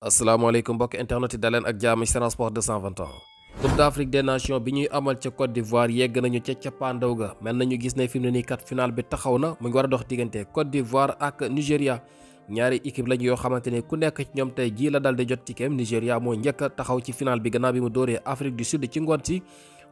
asalaamaaleykum mbokk internet yi daleen ak jàmm ci Sen Sport 221 Coupe d'Afrique des Nations bi ñuy amal ca Côte d'Ivoire yegg nañu ca cappaandaw ga mel nañu gis ne fi mu ne nii kat final bi taxaw na mu ngi war a dox diggante Côte d'Ivoire ak Nigéria ñaari équipe lañu yoo xamante ne ku nekk ci ñoom tey jii la dal di jot tikem Nigéria moo njëkk a taxaw ci final bi gannaaw bi mu dóoree Afrique du Sud ci ngoon si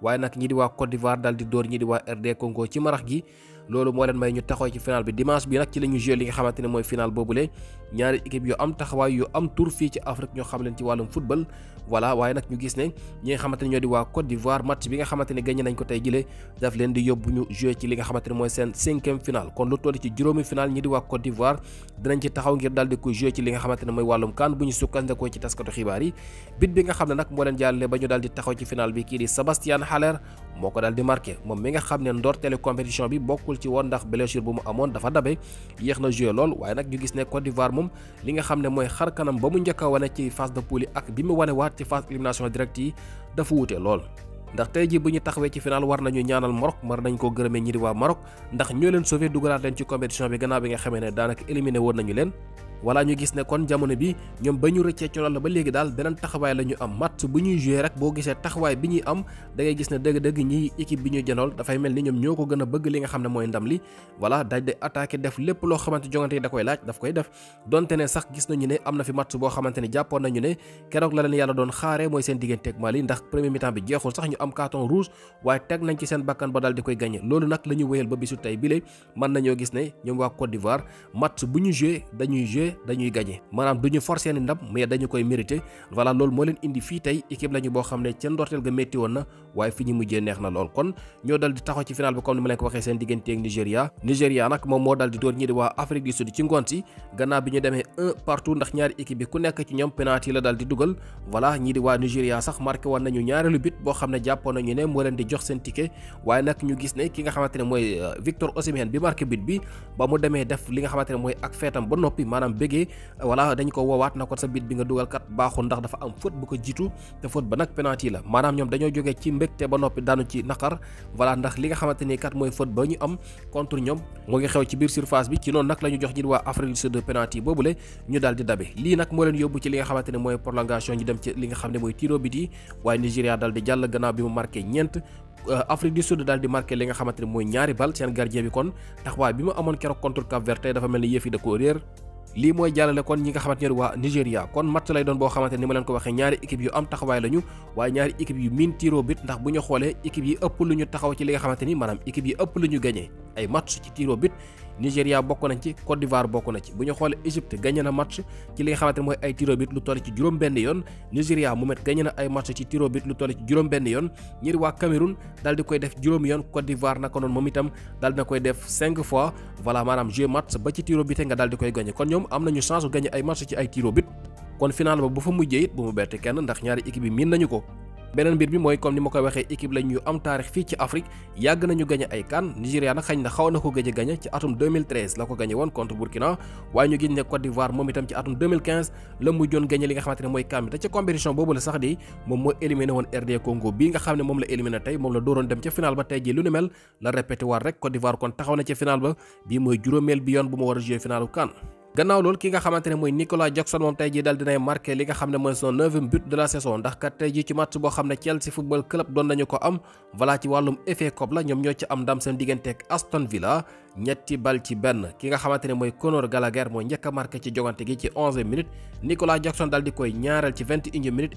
waaye ñi di waa Côte d'Ivoire dal di dóor ñi di waa RD Congo ci marax gi loolu moo leen may ñu taxaw ci final bi dimanche bi nag ci la ñu li nga xamante ne mooy final boobule ñaari équipe yu am taxawaay yu am tur fii ci Afrique ñoo xam leen ci wàllum football voilà waaye nag ñu gis ne ñi nga ñoo di waa Côte d'Ivoire match bi nga xamante ne gagné ko tey jëlee daf leen di yóbbu ñu joué ci li nga xamante mooy seen cinquième final kon lu toll ci juróomi final ñi di waa Côte d'Ivoire dinañ ci taxaw ngir daal di ko ci li nga xamante mooy wàllum kan bu ñu sukkandikoo ci taskatu xibaar yi bit bi nga xam moo leen jàllale ba ñu daal di taxaw ci final bi kii di Sébastien Haller moo ko daal di marqué moom mi nga xam ne moom li nga xam ne mooy xar kanam ba mu njëkk a wane ci phase de poule ak bi mu wane waat ci phase élimination directe yi dafa wuute lool. ndax tey jii bu ñu taxawee ci final war nañu ñaanal Maroc war nañ koo gërëmee ñi di waa Maroc ndax ñoo leen sauvé dugalaat leen ci compétition bi gannaaw bi nga xamee ne daanaka éliminé woon nañu leen. wala ñu gis ne kon jamono bi ñoom ba ñu rëccee ci loolu ba léegi daal beneen taxawaay la ñu am match bu ñuy joué rek boo gisee taxawaay bi ñuy am da ngay gis ne dëgg-dëgg ñi équipe bi ñu jënool dafay mel ni ñoom ñoo ko gën a bëgg li nga xam ne mooy ndam li voilà daj de attaqué lépp loo xamante jongante yi da koy laaj daf koy def donte ne sax gis nañu ne am na fi match boo xamante ne jàppoon nañu ne keroog la leen yàlla doon xaare mooy seen diggante ak Mali ndax premier mi-temps bi jeexul sax ñu am carton rouge waaye teg nañ ci seen bakkan ba daal di koy gagné loolu nag la ñu wéyal ba bisu tey bi lay mën nañoo gis ne ñoom waa Côte d'Ivoire match bu ñu joué dañuy joué mérité dañuy gagné maanaam du ñu forcé ndam mais dañu koy mérité voilà loolu moo leen indi fii tey équipe lañu boo xam ne ca ndorteel ga métti woon na waaye fi ñu mujjee neex na lool kon ñoo dal di ci final bi comme ni ma demee un partout ndax ñaari équipe bi ku nekk ci ñoom penalty la dal dugal voilà ñii di waa Nigéria sax marqué woon nañu ñaareelu but boo xam ne jàppoon nañu ne moo leen di jox seen ticket waaye nag ñu gis ne ki nga xamante mooy euh, Victor bege wala dañ ko wowat nako sa bit bi nga dugal kat baxu ndax dafa am foot bu ko jitu te foot ba nak penalty la manam ñom dañoo joge ci mbekté ba nopi daanu ci nakar wala ndax li nga xamanteni kat moy foot ba ñu am contre ñom mo ngi xew ci bir surface bi ci non nak lañu jox ñit wa Afrique du Sud penalty boobule ñu dal di dabé li nak mo leen yobbu ci li nga xamanteni moy prolongation ñu dem ci li nga xamne moy tiro bi di way nigeria dal di jall gëna bi mu marqué ñent euh, Afrique du Sud dal di marqué li nga xamanteni moy ñaari bal seen gardien bi kon taxwa bi mu amoon keroog contre Cap Vert dafa melni yefi de courier lii mooy jàllale kon ñi nga xamante ne waa Nigéria kon match lay doon boo xamante ni ma leen ko waxee ñaari équipe yu am taxawaay lañu waaye ñaari équipe yu miin tiro bit ndax bu ñu xoolee équipe yi ëpp lu ñu taxaw ci li nga xamante ni maanaam équipe yi ëpp lu ñu gagné ay match ci tiro bit Nigéria bokk nañ ci Côte d'Ivoire bokk na ci bu ñu xoolee Égypte gagné na match ci li nga mooy ay tiro lu toll ci juróom-benn yoon Nigéria mu met gagné na ay match ci tiro lu toll ci juróom-benn yoon ñir waa Cameroun daal di koy def juróomi yoon Côte d'Ivoire naka noonu moom itam daal dina koy def cinq fois voilà maanaam jeu match ba ci tiro nga daal di koy gagné kon ñoom am nañu chance gagné ay match ci ay tiro kon final ba bu fa mujjee it bu mu kenn ndax ñaari équipe yi nañu ko beneen mbir bi mooy comme ni ma koy waxee équipe lañ ñu am taarix fii ci Afrique yàgg nañu gañe ay kan Nigéria nag xañ na xaw na ko gëj a gañe ci atum 2013 la ko gañe woon contre Burkina waaye ñu gis ne Côte d'Ivoire moom itam ci atum 2015 la mujjoon gañe li nga xamante mooy CAN te ca compétition boobu la sax di moom moo éliminé woon RD Congo bii nga xam ne moom la éliminé tey moom la dooroon dem ca final ba tey ji lu ni mel la répété rek Côte d'Ivoire na ca gannaaw loolu ki nga xamante ne mooy Nicolas Jackson moom tey ji dal dinay marqué li nga xam ne mooy son neuvième but de la saison ndax kat tey ji ci match boo xam ne Chelsea football club doon nañu ko am voilà ci wàllum FA Cup la ñoom ñoo am ndam seen digganteeg Aston Villa ñetti bal ci benn ki nga xamante ne mooy Conor Gallagher mooy njëkk a marqué ci jogante gi ci onzième minute Nicolas Jackson daal di koy ñaareel ci vingt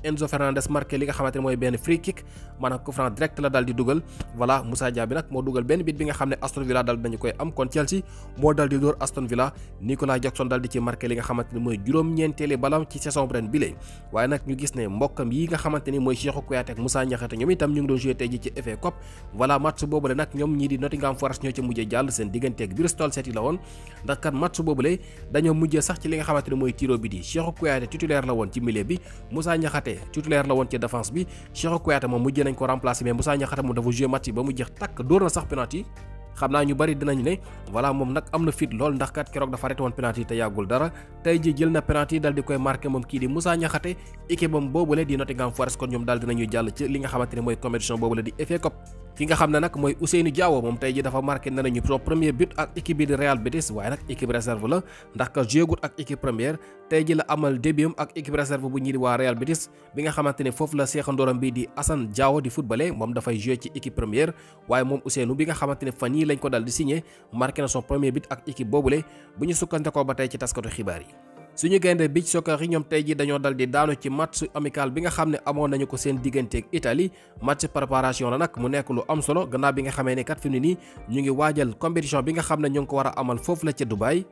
Enzo Fernandez marqué li nga xamante mooy benn free kick maanaam coup direct la daal di dugal voilà Moussa Diaby nag moo dugal benn bit bi nga xam ne Aston Villa daal nañu koy am kon Chelsea moo daal di dóor Aston Villa Nicolas Jackson daal di ci marqué li nga xamante mooy juróom-ñeenteeli balam ci digganteeg Bristol City la woon ndax kat match boobule dañoo mujjee sax ci li nga xamante mooy tiro bi di Cheikhou Kouyaté titulaire la woon ci milieu bi Moussa Niakhaté titulaire la woon ci défense bi Cheikhou Kouyaté moom mujjee nañ ko remplacer mais Moussa moom dafa joué match yi ba mu jeex takk dóor na sax penalty xam naa ñu bari dinañu ne voilà moom nag am na fit lool ndax keroog dafa arrêté woon penalty te yàggul dara tey jël na penalty dal di koy marqué ki nga xam ne nag mooy Ousseynou Diawo moom tey ji dafa marqué ne nañu son premier but ak équipe bi di Real Betis waaye nag équipe réserve la ndax ka jéegut ak équipe première tey ji la amal débutam ak équipe réserve bu ñi di waa Real Betis bi nga xamante ne foofu la seexandooram bi di Assane Diawo di footballé moom dafay joué ci équipe première waaye moom Ousseynou bi nga xamante ne fan yii lañ ko dal di signé marqué na son premier but ak équipe boobule bu ñu sukkante ko tey ci taskatu xibaar yi suñu gaynde beach soccer yi ñoom tey ji dañoo dal di daanu ci match amical bi nga xam ne amoon nañu ko seen digganteeg Italie match préparation la nag mu nekk lu am solo gannaaw bi nga xamee ne kat fi mu nii ñu ngi waajal compétition bi nga xam ne ñu ngi ko war a amal foofu la ca Dubaï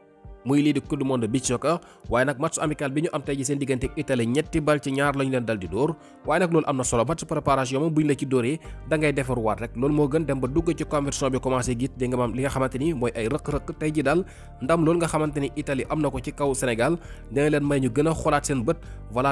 muy li di coupe du monde beach soccer way nak match amical bi ñu am tay ji seen digënté ak ñetti bal ci ñaar lañu leen dal di door, way nak loolu amna solo match préparation mo buñ la ci dóoree da ngay defarwaat rek loolu mo gën dem ba dugg ci conversion bi commencé gis di nga am li nga xamanteni moy ay rek rek tay ji dal ndam loolu nga xamanteni Italie ko ci kaw Sénégal dina leen may ñu gëna xolaat seen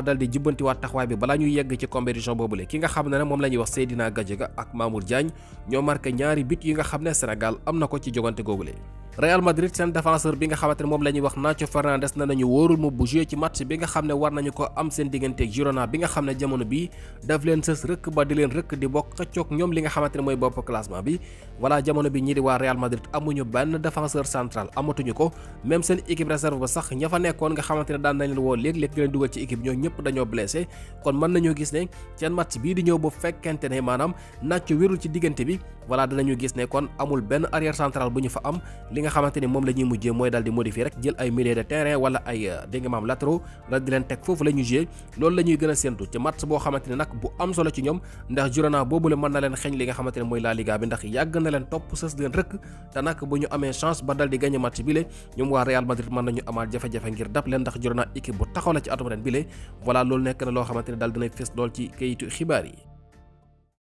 dal di jubbantiwaat taxway bi bala ñu yegg ci compétition boobule ki nga xam nak mom lañuy wax Seydina gadjega ak Mamour Diagne ño marqué ñaari but yi nga Sénégal ko ci jogante gogulé Real Madrid seen défenseur bi nga xamante ne moom la wax Nacho Fernandes na nañu wóorul mu bougé ci match bi nga xam ne war nañu ko am seen digganteeg Girona bi nga xam ne jamono bii daf leen sës rëkk ba di leen rëkk di bokk xëccoog ñoom li nga xamante ne mooy bopp classement bi voilà jamono bi ñi di waa Real Madrid amuñu benn défenseur central amatuñu ko même seen équipe réserve ba sax ña fa nekkoon nga xamante ne daan nañ leen woo léeg-léeg di leen dugal ne seen match bii di ñëw bu fekkente ne maanaam Nacho wérul ci benn arrière central fa am nga xamante ni moom la ñuy mujjee mooy daal di modifier rek jël ay milieu de terrain wala ay euh, dégg nga maam leen teg foofu la ñuy jouer loolu la ñuy gën a séntu ci match boo xamante ni nag bu am solo ci ñoom ndax Girona boobule mën na leen xeeñ li nga xamante ne mooy La Liga bi ndax yàgg na leen topp sës leen rëkk te nag bu ñu amee chance ba dal di gagné match ñoom waa Real Madrid mën nañu amaat jafe-jafe ngir dab leen ndax Girona équipe bu loo xamante ne daal dinay fes lool ci kayitu